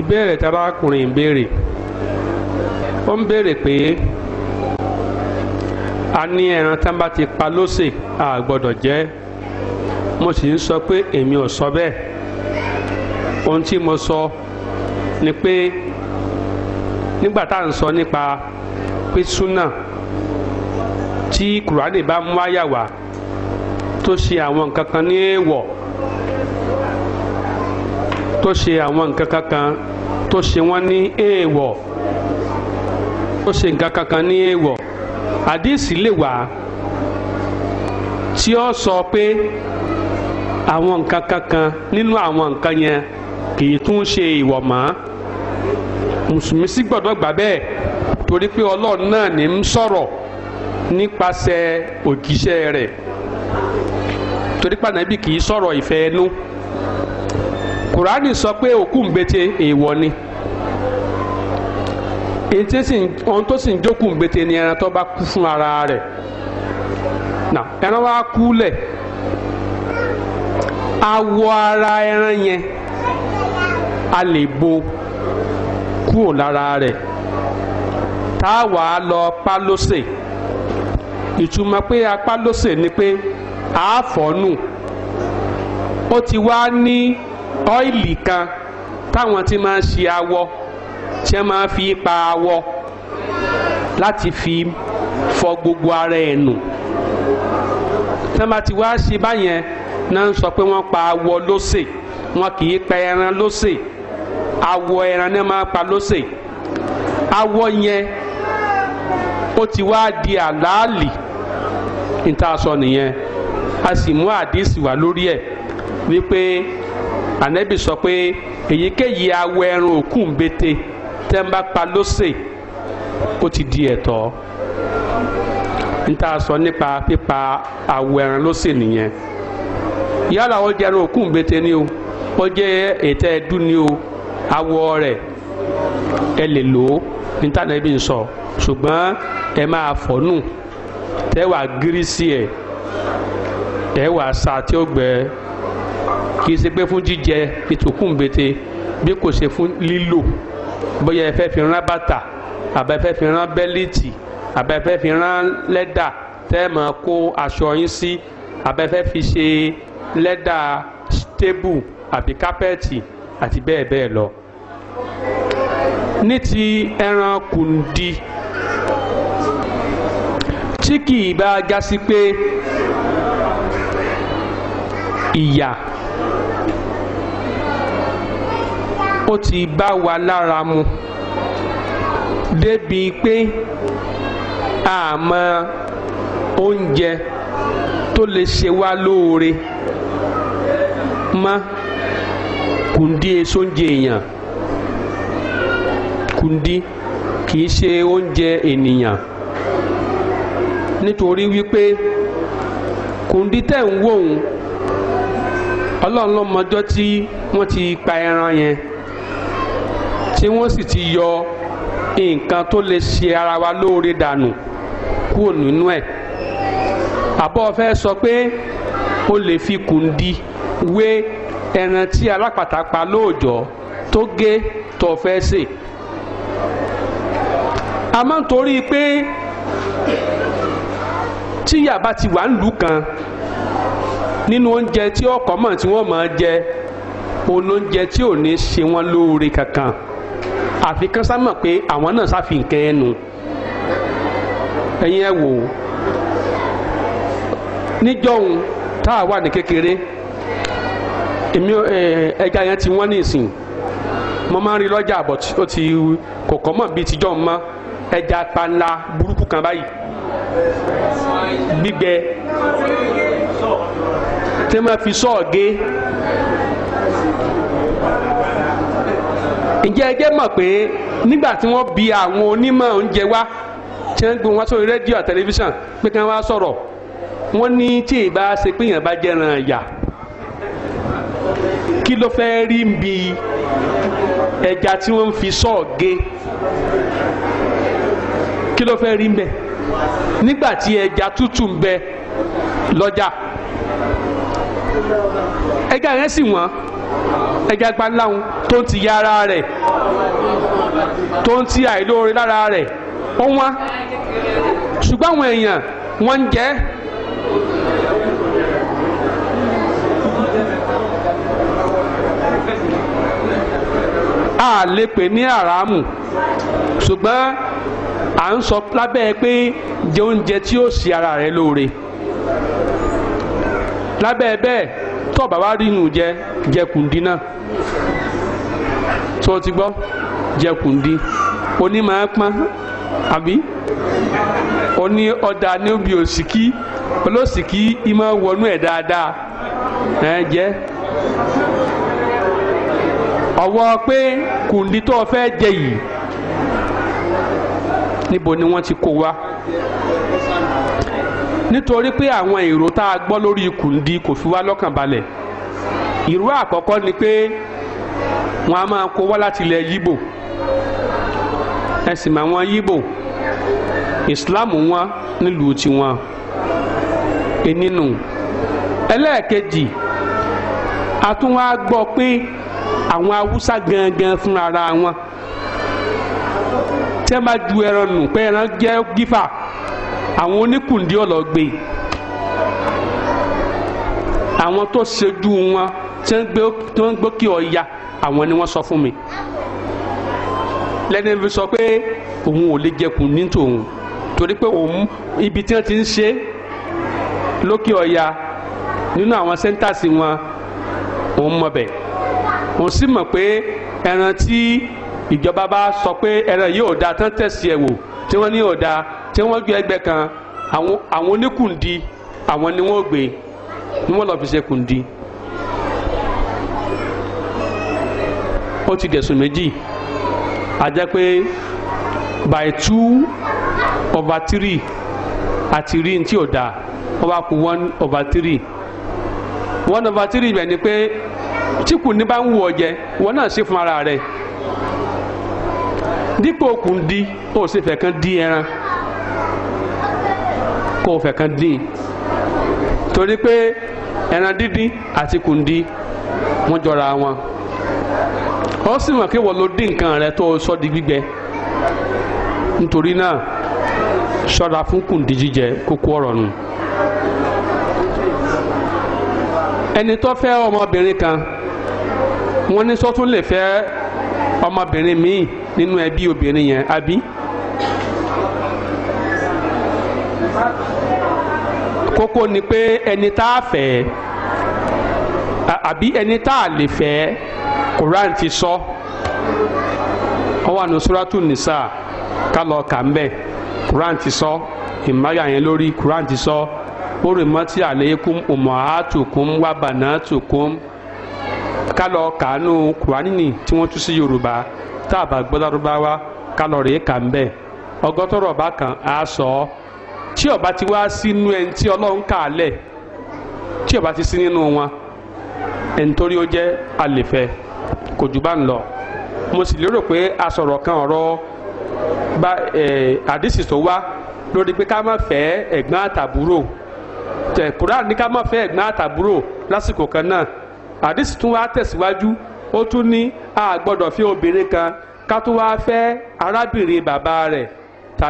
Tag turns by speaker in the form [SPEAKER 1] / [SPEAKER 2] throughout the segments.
[SPEAKER 1] ìbéèrè tarakùnrin ìbéèrè ó ń béèrè pé a ní ẹran tán bá ti pa lóṣè a gbọ́dọ̀ jẹ mo sì ń sọ pé èmi ò sọ bẹ́ẹ̀ ohun tí mo sọ ni pé nígbà tá à ń sọ nípa pé tí kùránì bá mú àyà wá tó ṣe àwọn nǹkan kan ní èèwọ̀. tó ṣe àwọn nǹkan kankan tó ṣe wọ́n ní èèwọ̀ tó ṣe nǹkan kankan ní èèwọ̀ àdìsí lè wà tí ó sọ pé àwọn nǹkan kankan nínú àwọn nǹkan yẹn kì í tún ṣe ìwọ̀ mọ́ mùsùlùmí sì gbọ́dọ̀ gbà bẹ́ẹ̀ torí pé ọlọ́run náà ní ń sọ̀rọ̀ nípasẹ̀ òjíṣẹ́ rẹ̀ torí pé ànábì kì í sọ̀rọ̀ ìfẹ́ ẹnu. No? kùránì sọ pé òkú ń bete èèwọ̀ ni ohun tó sì ń jókòó ń bete ni ẹran tó bá kú fún ara rẹ̀ ẹran wa kú lẹ̀ awọ ara ẹran yẹn a lè bo kúrò lára rẹ̀ tá a wà á lọ pálósè ìtumọ̀ pé apálósè ni pé àáfọ̀ọ́nù ó ti wá ní. ọ́ìlì kan táwọn ti máa ń ṣe awọ tí wọ́n máa fi pa awọ láti fi fọ gbogbo ara ẹ̀ nù tí wọ́n bá ti wá ṣe báyẹn náà ń sọ pé wọ́n pa awọ lóṣè wọn kì í pa ẹran lóṣè awọ ẹran náà máa pa lóṣè awọ yẹn ó ti wá di àlàálì níta sọ nìyẹn a sì mú àdìsí wá lórí ẹ̀ wípé. ànábì sọ pé èyíkéyìí awọ ẹran òkú ń bété tẹ́ ń bá pa ó ti di ẹ̀tọ́ níta sọ nípa pípa awọ ẹran lóṣè nìyẹn yálà ó jẹ ẹran òkú ń bété ni o ó jẹ ètò ẹdú ni o awọ rẹ̀ ẹ lè lò ó níta sọ ṣùgbọ́n ẹ sa tí ó kì í ṣe pé fún jíjẹ ìtòkùnbete bí kò ṣe fún lílò bóyá ẹ fẹ́ fi rán bàtà àbẹ fẹ́ fi rán bẹ́líìtì àbẹ fẹ́ fi rán lẹ́dà tẹ́ kó aṣọ yín sí àbẹ fẹ́ fi ṣe lẹ́dà stable àbí kápẹ́ẹ̀tì àti bẹ́ẹ̀ bẹ́ẹ̀ lọ. ní ti ẹran kùndí tí kì í bá gásí pé ìyà ó ti bá wa lára mu débi pé àmọ́ oúnjẹ tó lè ṣe wá lóore mọ́ kùndí èso oúnjẹ èèyàn kùndí í ṣe oúnjẹ ènìyàn nítorí wípé kùndí tẹ̀ ń wòun ọlọ́run lọ́mọjọ́ tí wọ́n ti pa ẹran yẹn. tí wọ́n sì ti yọ nǹkan tó lè ṣe ara wa lóore dànù kúrò nínú ẹ̀ àbọ̀ fẹ́ sọ pé o lè fi kùndí wé ẹran tí alápàtà pa lóòjọ́ tó gé tó fẹ́ sè àmọ́ nítorí pé tíyà bá ti wà nílùú kan nínú oúnjẹ tí ọkọ̀ mọ̀ tí wọ́n máa jẹ olóúnjẹ tí ò ní ṣe wọ́n lóore kankan àfi kán sá mọ̀ pé àwọn náà sáfi nǹkan ẹnu ẹ̀yin ẹ̀ wò ó níjọ́hun tá a wà ní kékeré èmi ẹja yẹn ti wọ́n ní ìsìn mo máa ń rí lọ́jà àbọ̀ ó ti kò kọ́ mọ̀ bíi tíjọ́ mọ́ ẹja panla burúkú kan báyìí gbígbẹ tí wọ́n fi sọ́ọ̀ ǹjẹ́ ẹjẹ́ mọ̀ pé nígbà tí wọ́n bi àwọn onímọ̀ oúnjẹ wá tí wọ́n ń gbọ́n wá sórí rédíò tẹlifíṣàn pé kí wọ́n wá sọ̀rọ̀ wọ́n ní tí ì bá ṣe pé èèyàn bá jẹ́ran ẹ̀yà kí ló fẹ́ rí ń bi ẹja tí wọ́n ń fi sọ́ọ̀gé kí ló fẹ́ rí ń bẹ nígbà tí ẹja tútù ń bẹ lọ́jà ẹja yẹn sì wọ́n ẹja gbanláhùn tó ń ti ya ara rẹ̀ tó ń ti àìlóore lára rẹ̀ ó wá ṣùgbọ́n àwọn èèyàn wọ́n ń jẹ́ a lè pè ní àràmù ṣùgbọ́n à ń sọ lábẹ́ pé jẹ oúnjẹ tí ó ṣe ara rẹ lóore lábẹ́ bẹ́ẹ̀ tó bá wá rí inú jẹ jẹkùndí náà tó o ti gbọ́ jẹkùndí oní máa pọ́n àbí oní ọ̀dà níbi òsìkí olósìkí ìmọ̀ wọnú ẹ̀ dáadáa ẹ̀ jẹ́ ọwọ́ pé kundi tó o fẹ́ jẹ yìí níbo ni wọ́n ti kó wa nítorí pé àwọn èrò tá a gbọ́ lórí Kúndí kò fi wá lọ́kàn balẹ̀ ìró àkọ́kọ́ ni pé wọ́n á máa kó wá láti ilẹ̀ yíbò ẹ̀sìn màwọn yíbò ìsìláàmù wọn nílùú tiwọn ẹnìnú ẹlẹ́ẹ̀kejì a gbọ́ pé àwọn haúsá gangan fúnra wọn tẹ́ máa ju ẹran nù pé ẹran jẹ́ gífà àwọn oníkùndí ọlọgbẹ àwọn tó ṣojú wọn tí wọ́n ń gbé kí ọya àwọn ni wọ́n sọ fún mi lẹ́ni fi sọ pé òun ò lè jẹkùn ní tòun torí pé òun ibi tí wọ́n ti ń ṣe lókè ọya nínú àwọn sẹ́ńtàsì wọn òun mọ̀ òun sì mọ̀ pé ẹran tí ìjọba bá sọ pé ẹran yìí ò da tán tẹ̀sí ẹ̀ wò tí wọ́n ní ò da tí wọ́n gbé ẹgbẹ́ kan àwọn oníkùndí àwọn ni wọ́n gbé ni wọ́n lọ fi ṣe kùndí. ó ti dẹ̀sùn méjì a pé by two over three àti rí ní tí ò dáa wọ́n bá kú one over three one over three ibẹ̀ ni pé tí kùndí bá ń wù ọ jẹ wọn náà ṣe fún ara rẹ dípò kùndí ó sì fẹ́ kàn dín ẹran. kó o fẹ́ kan dín torí pé ẹran dídín àti kùndí wọ́n jọra wọn ó sì mọ̀ kí wọ́n ló dín nǹkan rẹ tó sọ di gbígbẹ nítorí náà ṣọ́ra fún kùndí jíjẹ kókó ọ̀rọ̀ nù ẹni tó fẹ́ kan wọ́n ní sọ́tún lè fẹ́ ọmọbìnrin míì kókó ni pé ẹni tá a fẹ́ àbí ẹni tá a lè fẹ́ Quran ti sọ ọ wà ní suratu nisa kálọ̀ kà ń bẹ̀ Quran ti sọ ìmáyà yẹn lórí Quran ti sọ orimati aleikum umahatukum wabanatukum kálọ̀ kàánú Quranini tí wọ́n tú sí Yorùbá tá a bá gbọ́ Lárúbáwá kálọ̀ rèé kà ń bẹ̀ ọgọ́tọ̀rọ̀ bá kan á sọ ọ́. tí ó ti wá sínú ẹni tí kà á ti sí nínú wọn ẹni torí ó jẹ́ àlèfẹ́ kò jù bá ń lọ mo sì lérò pé a sọ̀rọ̀ kan ọrọ bá àdísì tó wá lórí pé ká má àtàbúrò ní ká má àtàbúrò lásìkò kan náà tún wá ó tún ní a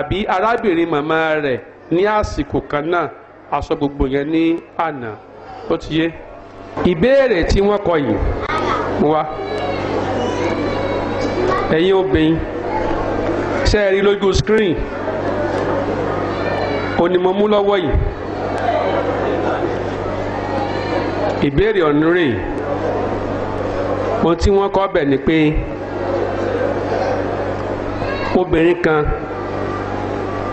[SPEAKER 1] fi ní àsìkò kan náà a sọ gbogbo yẹn ní àná ó ti yé ìbéèrè tí wọ́n kọ yìí wá ẹ̀yin obìnrin ṣe é rí lójú screen onímọ̀mú lọ́wọ́ yìí ìbéèrè ọ̀nù rè ohun tí wọ́n kọ́ bẹ̀ ni pé obìnrin kan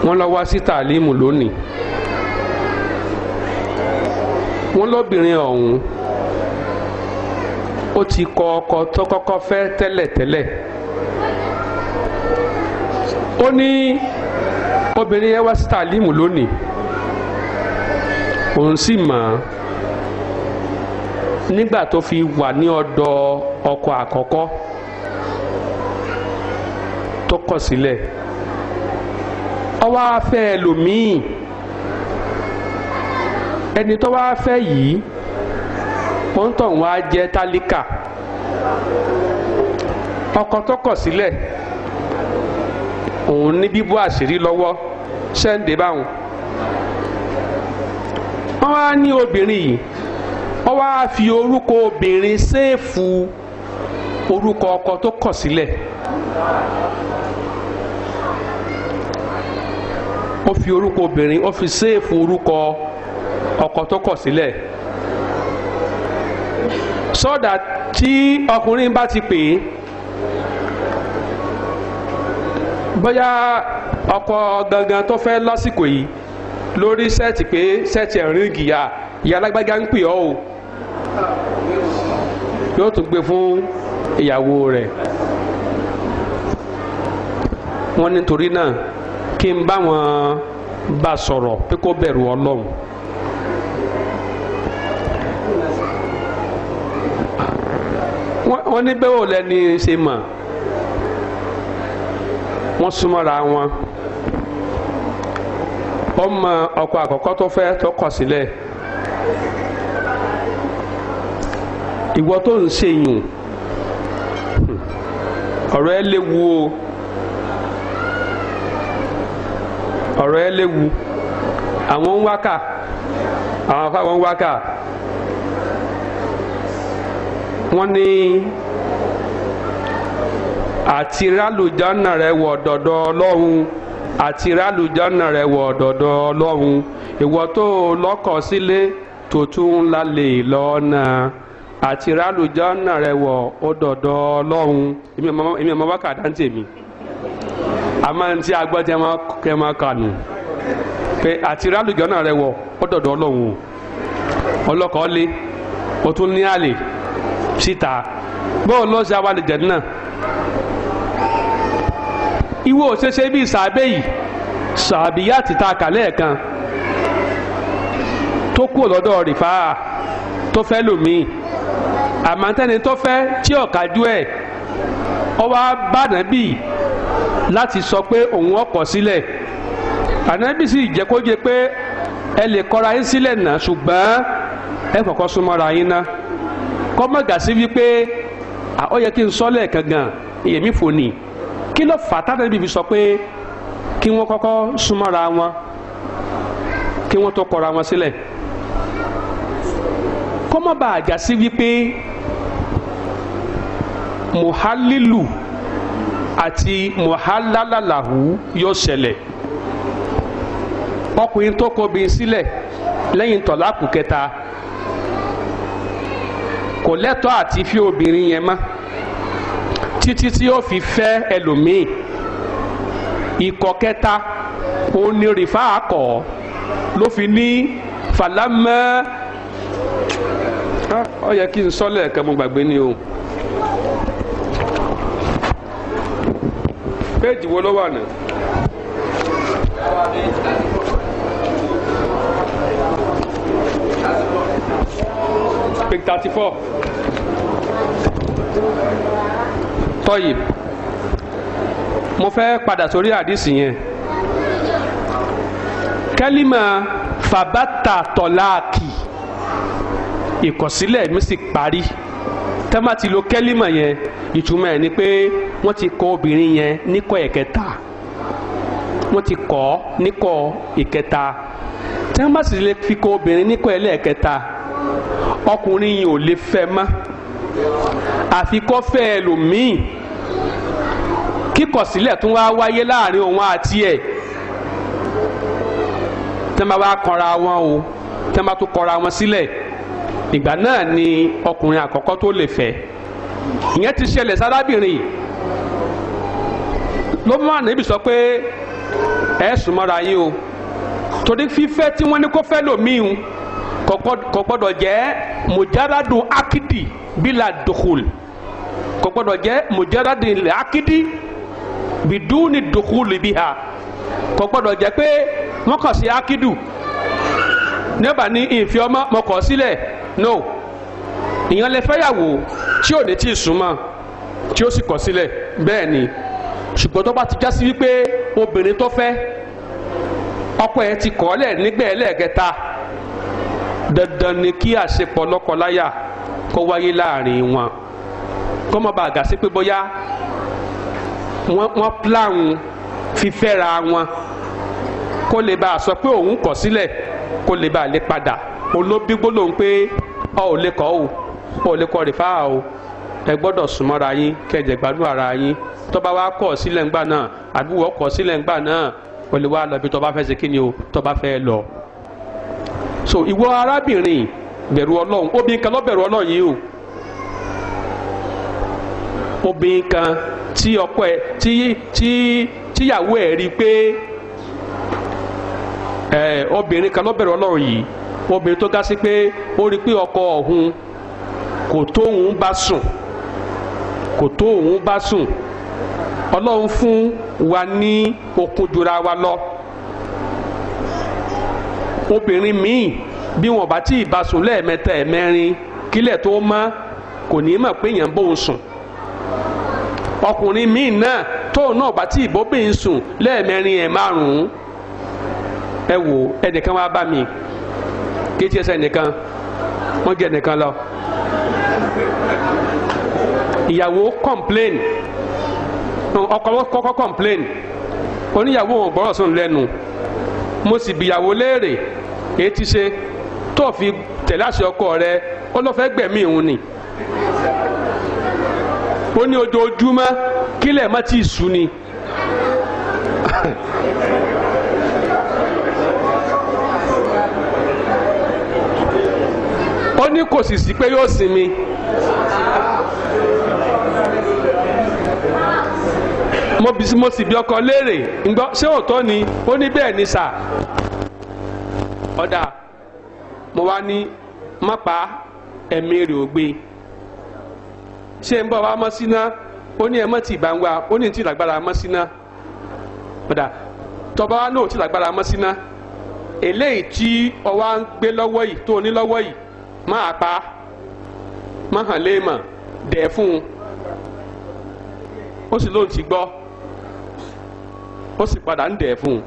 [SPEAKER 1] wọ́n lọ wá sí tàlímù lónìí wọ́n lóbìnrin ọ̀hún ó ti kọ ọkọ tó kọ́kọ́ fẹ́ tẹ́lẹ̀tẹ́lẹ̀ ó ní obìnrin yẹn wá sí tàlímù lónìí òun sì mọ̀ nígbà tó fi wà ní ọ̀dọ̀ ọkọ àkọ́kọ́ tó kọ̀ sílẹ̀. Si ọwọ́ afẹ́ ẹlòmíì ẹni tó wá fẹ́ yìí òǹtọ̀hún wá jẹ́ tálíkà ọkọ tó kọ̀ sílẹ̀ òun ní bíbú àṣírí lọ́wọ́ ṣẹ́ǹdé báwọn wọ́n wá ní obìnrin yìí wọ́n wá fi orúkọ obìnrin séèfù orúkọ ọkọ tó kọ̀ sílẹ̀ ó fi orúkọ obìnrin ó fi séèfù orúkọ ọkọ tó kọ sílẹ̀ sọ́dà tí ọkùnrin bá ti pè é bóyá ọkọ gangan tó fẹ lásìkò yìí lórí sẹ́ẹ̀tì pé sẹ́ẹ̀tì ẹ̀rín gìyà ìyá alágbájá ń pè o yóò tún gbé fún ìyàwó wọn wọ́n nítorí náà kí n bá wọn bá sọ̀rọ̀ pé kó bẹ̀rù ọlọ́run. wọ́n ní bẹ́ẹ̀ wò lẹ́ni ṣe mọ̀ wọ́n súnmọ́ra wọn ọmọ ọkọ àkọ́kọ́ tó fẹ́ tó kọ̀ sílẹ̀ ìwọ tó ń ṣèyùn ọ̀rọ̀ ẹ léwu o. ọ̀rọ̀ ẹ léwu àwọn ń wákà àwọn afáwọn ń wákà wọ́n ní àti rálùjọ́nà rẹ̀ wọ̀ dọ̀dọ̀ ọlọ́run àti rálùjọ́nà rẹ̀ wọ̀ dọ̀dọ̀ ọlọ́run ìwọ tó lọ́kọ̀ sílé tó tún ń lálẹ́ lọ́nà àti rálùjọ́nà rẹ̀ wọ̀ ó dọ̀dọ̀ ọlọ́run èmi ọmọ wákàtí àǹtí mi. àmọ́ ní tí agbọ́ tí ẹ máa kànú pé àti rálùjọ́ náà rẹ wọ ọ̀dọ̀dọ̀ ọlọ́run ọlọ́kọ̀ lé o tún ní àlè síta bóò ló ṣe àwọn àlejò náà ìwọ òṣèṣe bíi sàbẹ̀ yìí sàbíyá ti ta kàlẹ́ kan tó kú lọ́dọ̀ rìfà tó fẹ́ lòmíì àmọ́ tẹ́ni tó fẹ́ tí ọ̀kájú ẹ̀ ọ wá bá nàbì láti sọ pé òun ọkọ̀ sílẹ̀ ànábì sì jẹ́ kó jẹ́ pé ẹ lè kọ́ra yín sílẹ̀ náà ṣùgbọ́n ẹ kọ́kọ́ súnmọ́ra yín ná kọ́ mọ̀ gà sí wípé ó yẹ kí n sọ lẹ́ẹ̀kan gan èmi fò ní kí ló fà tá ànábì fi sọ pé kí wọ́n kọ́kọ́ súnmọ́ra wọn kí wọ́n tó kọ́ra wọn sílẹ̀ kọ́ mọ̀ bá àjà sí wípé muhalilu àti muhalalalahu yóò ṣẹlẹ̀ ọkùnrin tó kóbi sílẹ̀ lẹ́yìn tọ̀láàkù kẹta kò lẹ́tọ́ àti fi obìnrin yẹn mọ́ títí tí ó fi fẹ́ ẹlòmíì ikọ̀ kẹta òun ni rìfá àkọ́ ló fi ní falamẹ́ ọ ah, yẹ kí n sọ lẹ́ẹ̀kan mo gbàgbé ni o. péèjì wo ló wà ná. page tọ́yì mo fẹ́ padà sórí àdìsí yẹn kẹ́límà fàbátà tọ́láàkì ìkọ̀sílẹ̀ mi sì parí tẹ́mátì lo kẹ́límà yẹn ìtumọ̀ ẹ̀ ni pé wọ́n ti kọ́ obìnrin yẹn níkọ́ ẹ̀kẹta wọ́n ti kọ́ níkọ́ ìkẹta tí wọ́n bá sì lè fi kọ́ obìnrin níkọ́ ẹlẹ́ẹ̀kẹta ọkùnrin yìí ò lè fẹ́ mọ́ àfi kọ́ fẹ́ ẹlòmíì kíkọ̀ sílẹ̀ tún wá wáyé láàrin òun àti ẹ̀ tí wọ́n bá wá kọra wọn o tí wọ́n bá tún kọra wọn sílẹ̀ ìgbà náà ni ọkùnrin àkọ́kọ́ tó lè fẹ́ ìyẹn ti ṣẹlẹ̀ sárábìnrin yìí ló mú ànábì sọ pé ẹ sùn mọ́ra yín o torí fífẹ́ tí wọ́n ní kó fẹ́ lòmíì kò gbọ́dọ̀ jẹ́ mujaradun akidi bila dukhul kò gbọ́dọ̀ jẹ́ mujaradun akidi biduni dukhul biha kò gbọ́dọ̀ jẹ́ pé wọ́n kàn sí akidu nígbà ní ìfi ọmọ mọ kọ̀ sílẹ̀ no ìyẹn lè fẹ́yàwó tí ò ní tí ì súnmọ́ tí ó sì kọ̀ sílẹ̀ bẹ́ẹ̀ ni ṣùgbọ́n tó bá ti já sí wípé obìnrin tó fẹ́ ọkọ yẹn ti kọ́lẹ̀ nígbà ẹlẹ́ẹ̀kẹta dandan ni kí àṣepọ̀ lọ́kọláya kó wáyé láàrin wọn kó má bàa gà sí pé bóyá wọ́n plan fífẹ́ra wọn kó lè bá a sọ pé òun kọ̀ sílẹ̀ kó lè bá a lè padà olóbígbó lòun pé ọ ò lè kọ́ o ọ ò lè kọ́ rìfáà o. ẹ gbọdọ súnmọ́ra yín kẹjẹ gbádùn ara yín tọba wa kọ sílẹ̀ ńgbà náà àbí wọ́n kọ̀ wa lọ bí tọba o tọba lọ. so ìwọ arábìnrin bẹ̀rù ọlọ́run obìnrin kan ló bẹ̀rù ọlọ́run o obìnrin kan tí ọkọ ẹ tí tí tíyàwó ẹ rí i pé ẹ obìnrin kan bẹ̀rù ọlọ́run yìí obìnrin ọkọ ọ̀hún kò bá sùn. àsìkò tó òun bá sùn ọlọ́run fún wa ní okun jura wa lọ obìnrin míì bí wọn bá tí ì bá sùn lẹ́ẹ̀mẹ́ta ẹ̀mẹ́rin kílẹ̀ tó mọ́ kò ní mọ̀ pé èèyàn bóun sùn ọkùnrin míì náà tóun náà bá tí ìbóbìnrin sùn lẹ́ẹ̀mẹ́rin ẹ̀ márùn-ún ẹ wò ẹnìkan wá bá mi kí tí ẹ sẹ́ ẹnìkan wọ́n jẹ́ ẹnìkan lọ ìyàwó complain ọkọ kọ́kọ́ complain oníyàwó òun gbọ́rọ̀ sóun lẹ́nu mo sì bìyàwó léèrè èyí ti ṣe tó fi tẹ̀lé àṣẹ ọkọ rẹ ó lọ́ fẹ́ gbẹ̀mí òun ni ó ní ojoojúmọ́ kílẹ̀ má ti sú ni ó ní kò sì sí pé yóò sinmi mo bí mo sì bí ọkọ léèrè ńgbọ́ ṣé òótọ́ ni ó ní bẹ́ẹ̀ ni sà ọ̀dà mo wá ní mọ́pá ẹ̀mí rẹ̀ ò gbé ṣé ń bọ̀ wá mọ́ síná ó ní ẹ̀mọ́ tì bá ó ní tì lágbára mọ́ síná ọ̀dà tọba wa náà ò tì lágbára mọ́ síná eléyìí tí ọwá ń gbé lọ́wọ́ yìí tó ní lọ́wọ́ yìí máa pa máa hàn léèmọ̀ e dẹ̀ fún un ó sì lóun ti gbọ́ ó sì padà ń dẹ̀ fún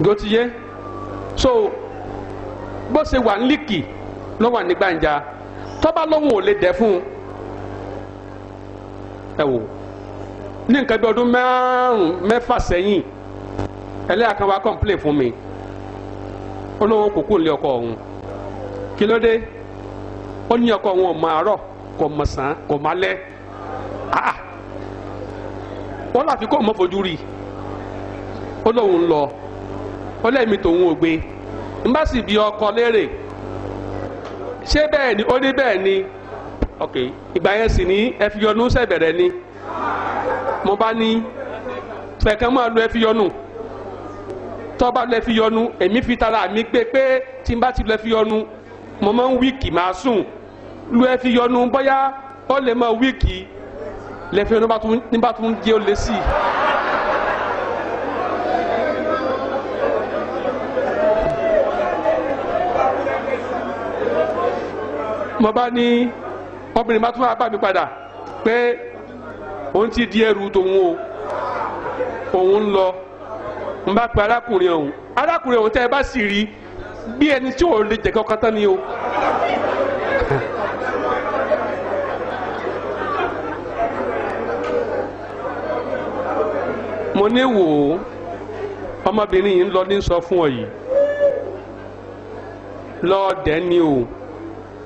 [SPEAKER 1] un so bó ṣe wà ń líkì ló wà ní gbàǹjà tọ́ba lóhùn ò lè dẹ̀ fún un ẹ wò ní nǹkan bí ọdún márùn mẹ́fà sẹ́yìn fún mi ó lóun kò kúrò lé ọkọ ọ̀hún kí ló dé ó ní ọkọ ọ̀hún ọ̀mọ àárọ̀ kò kò wọ́n láfi kó mọ́ fojú rí ó lóun lọ ó lẹ́mi tòun ò gbé n bá sì bi ọkọ léèrè ṣé bẹ́ẹ̀ ni ó ní bẹ́ẹ̀ ni ok ìgbà yẹn sì ní ẹ fi yọnu sẹ̀bẹ̀rẹ̀ ni mo bá ní fẹ̀kẹ́ máa lo ẹ fi yọnu tọ́ba lo ẹ fi yọnu èmi fi tara mi gbé pé tí n bá ti lo ẹ fi yọnu mo máa ń wíìkì máa sùn lo ẹ fi yọnu bóyá ó lè máa wíìkì lẹ́fẹ̀ẹ́ nígbà tó ń jẹ́ ó lé sí i. mo bá ní obìnrin bá tún máa mi padà pé òun ti di ẹrù tòun o òun ń lọ n bá pe arákùnrin ọ̀hún arákùnrin ọ̀hún tẹ́ ẹ bá sì rí bí ẹni tí ò lè jẹ́ kí tán ni o. mo ní wò ó ọmọbìnrin yìí ń lọ ní sọ fún ọ yìí lọ́ọ̀dẹ́ ni o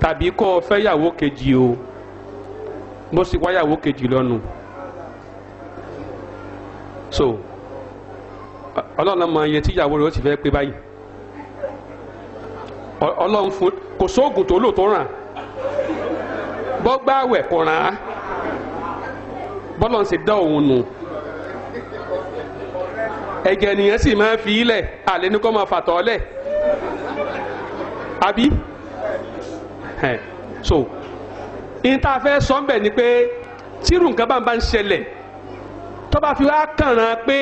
[SPEAKER 1] tàbí kọ́ ọ fẹ́ yàwó kejì o mo sì wá yàwó kejì lọ́nu so ọlọ́run mọ iye tí ìyàwó rẹ̀ ó ti fẹ́ pé báyìí ọlọ́run fún kò sóògùn tó lò tó ràn bọ́gbà wẹ̀ kò ràn á bọ́lọ̀ ń dá òun nù ẹ̀jẹ̀ nìyẹn sì máa fi ilẹ̀ àlẹ́ ní kó máa fàtọ́ lẹ̀ àbí so níta fẹ́ sọ ni pé tírù nǹkan bá ń bá ń ṣẹlẹ̀ tó bá fi wá kànràn pé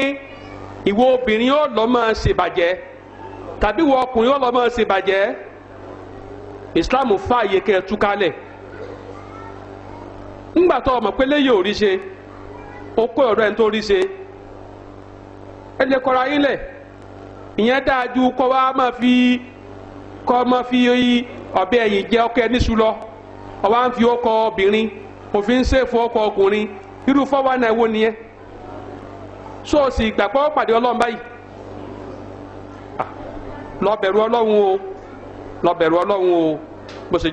[SPEAKER 1] ìwọ obìnrin ó lọ máa ṣèbàjẹ́ tàbí ìwọ ọkùnrin ó lọ máa ṣèbàjẹ́ Islam fààyè kẹ́ ẹ túkálẹ̀ ńgbà tó o mọ̀ pé ò rí ṣe o kó ẹni tó rí ṣe. ẹ lè kọ́ra daju lẹ̀ ìyẹn dáa ju kọ́ ma fi kọ́ fi ọ̀bẹ ẹ̀yìn jẹ́ ọkọ ẹ níṣu lọ fi ọkọ obìnrin òfin ṣèfọ ọkọ ọkùnrin irú fọwọ́ náà wo nìyẹn sóòsì ìgbàgbọ́ pàdé ọlọ́run báyìí lọ o lọ bẹ̀rù o bó ṣe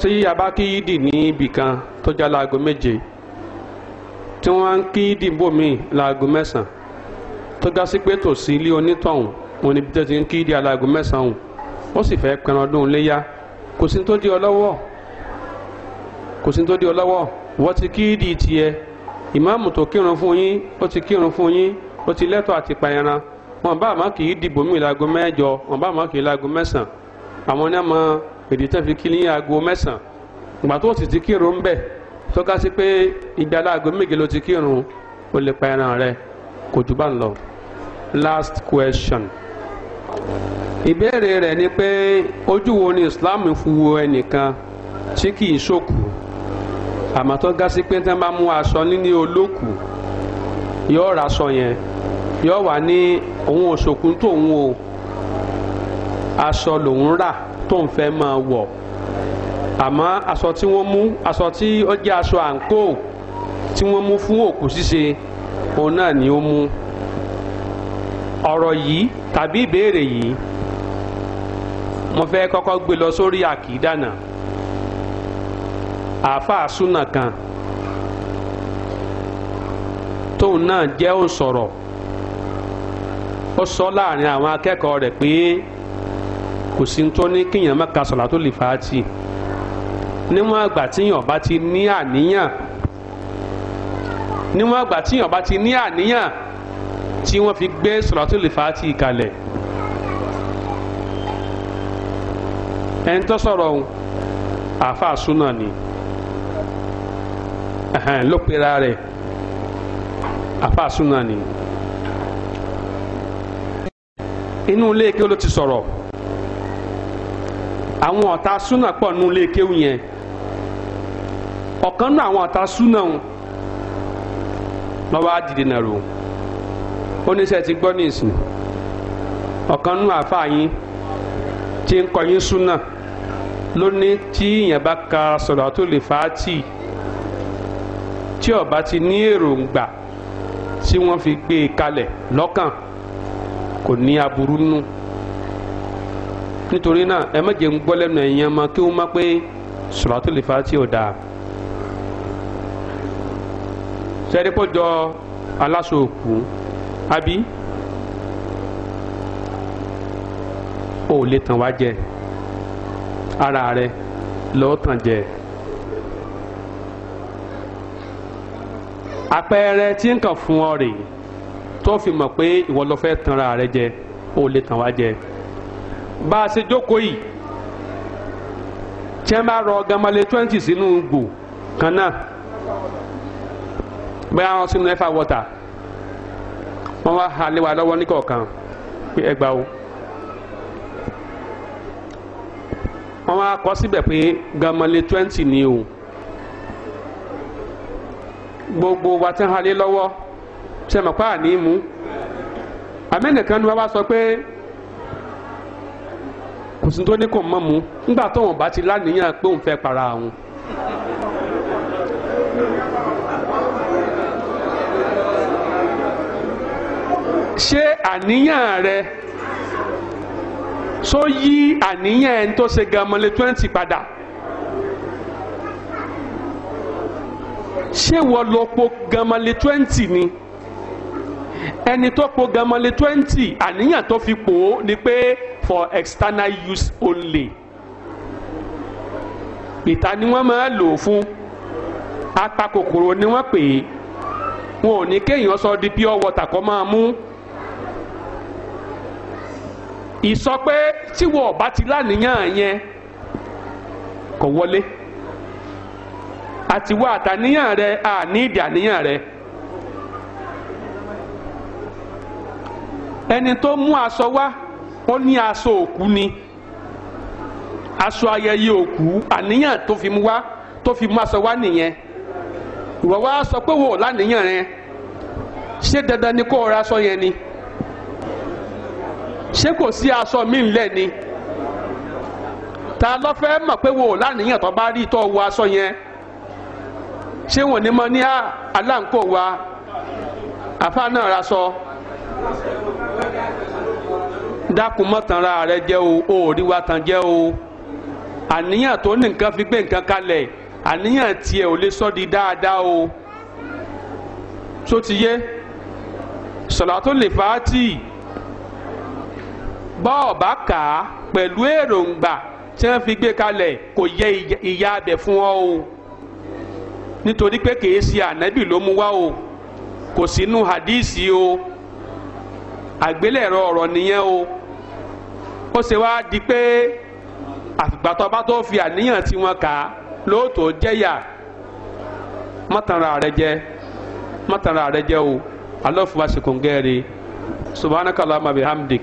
[SPEAKER 1] tí yaba kí yídì ní ibì kan tó láago méje tí tó ga sí pé tòsí ilé onítọ̀hún òun níbi tó ti ń kí alago mẹ́sàn-án ó sì fẹ́ pẹran ọdún léyá kò sí tó di ọlọ́wọ́ kò sí tó di ọlọ́wọ́ wọ́n ti kí di tiẹ̀ ìmáàmù tó kírun fún yín ó ti kírun fún yín ó ti lẹ́tọ̀ àti wọn bá àmọ́ kì í dìbò ti kírun ń bẹ̀ sí pé ìgbà ló ti kírun ó lè last question ìbéèrè rẹ̀ ni pé ojú wo ni Islam fi wo ẹnìkan tí kì í ṣòkù àmọ́ tó ga sí pé tí wọ́n bá mú aṣọ níní olókù yóò ra aṣọ yẹn yóò wà ní òun òṣòkun tóun o aṣọ lòun rà tóun fẹ́ máa wọ̀ àmọ́ aṣọ tí wọ́n mú aṣọ tí ó jẹ́ aṣọ àǹkó tí wọ́n mú fún òkú ṣíṣe òun náà ni ó mú. ọ̀rọ̀ yìí tàbí ìbéèrè yìí mo fẹ́ kọ́kọ́ gbé lọ sórí àkìdánà àáfàá súnà kan tóun náà jẹ́ òǹsọ̀rọ̀ ó sọ láàrin àwọn akẹ́kọ̀ọ́ rẹ̀ pé kò sí tó ní kíyàn má ka sọ̀látù lí fàátì níwọ̀n àgbà tíyàn bá ti ní àníyàn níwọ̀n àgbà tíyàn bá ti ní àníyàn. tí wọ́n fi gbé sọ̀látù lè fàátì kalẹ̀ ẹni tó sọ̀rọ̀ ọ̀hún àáfàá súnà ni ló pera rẹ̀ àáfàá súnà ni inú ilé kéwú ló ti sọ̀rọ̀ àwọn ọ̀tá súnà pọ̀ nínú ilé kéwú yẹn ọ̀kan náà àwọn ọ̀tá súnà ń lọ́wọ́ á dìde nàró oníṣẹ́ ti gbọ́ ní ìsìn ọ̀kan nù àáfàá yín tí ń kọ́ yín súnà lóní tí èèyàn bá ka sọ̀látùl fàátì tí ó bá ti ní èròǹgbà tí wọ́n fi gbé e kalẹ̀ lọ́kàn kò ní aburú nù nítorí náà ẹ má jẹ́ ń gbọ́ lẹ́nu ẹ̀yìn ọmọ kí wọ́n má pé sọ̀látùl fàátì ò dáa sẹ́ẹ́dẹ́pọ̀ jọ aláṣọ òkú. Abi, o le tàn wá jẹ ara rẹ lọ́ọ́ tàn jẹ. àpẹẹrẹ tí nǹkan fún ọ rèé tó fi mọ̀ pé ìwọ ló fẹ́ tanra rẹ jẹ o le tàn wá jẹ. bá a ṣe jókòó yìí tí wọ́n bá rọ gamale twenty sínú gbò kan náà bẹ́ẹ̀ sínú wọ́n wá ha lé wa lọ́wọ́ níkọ̀ọ̀kan pé ẹ gbà o wọ́n wá kọ síbẹ̀ pé gamale twenty ni o gbogbo wa tẹ́ ha lé lọ́wọ́ ṣe mọ̀ pa àní mú amẹ́nìkan ni wọ́n wá sọ pé kò sí tó ní kò mọ̀ mú nígbà tó wọn bá ti ṣé àníyàn rẹ so yí àníyàn ẹni tó ṣe gamọlé twenty padà ṣé wọ́n lọ po gamọlé twenty ni ẹni tó po gamọlé twenty àníyàn tó fi pò ó ni pé for external use only ìta ni wọ́n máa lò fún apakòkòrò ni wọ́n pè é wọn ò ní kéèyàn sọ di pure water kó máa mú. ìsọ pé tíwọ ọba bá ti láníyàn yẹn kò wọlé àtiwọ́ àtàníyàn rẹ àní ìdí àníyàn rẹ ẹni tó mú aṣọ wá ó ní aṣọ òkú ni aṣọ ayẹyẹ òkú àníyàn tó fi mú wá tó fi mú aṣọ wá nìyẹn ìwọ wá sọ pé wò láníyàn rẹ ṣé dandan ni kó o ra aṣọ yẹn ni. ṣé kò sí aṣọ mi ńlẹ̀ ni ta ló fẹ́ mọ̀ pé wo lánìyàn tó bá rí tó wọ aṣọ yẹn ṣé wọn ni mo ní ah, aláǹkó wa àfa náà ra sọ dákun mọ́tànra rẹ jẹ́ o ò wa tàn jẹ́ o àníyàn tó ní nǹkan fi gbé nǹkan kalẹ̀ àníyàn tiẹ̀ ò lè sọ́ di dáadáa o tó ti yé sọ̀làtò lè fàá tì í. bọ́ ọ̀bá kà á pẹ̀lú èròǹgbà tí wọ́n fi gbé kalẹ̀ kò yẹ ìyá abẹ fún ọ o nítorí pé kìí ṣe ànábì ló mú wá o kò sínú hadísì o àgbélẹ̀rọ ọ̀rọ̀ nìyẹn o ó ṣe wá di pé àgbàtọ́ bá tó fi àníyàn tí wọ́n kà á lóòótọ́ jẹ́yà mọ́tànra rẹ jẹ́ mọ́tànra rẹ jẹ́ o alọ́ fún wa ṣe kò ń gẹ́rẹ́ subhanakallahumma bihamdik.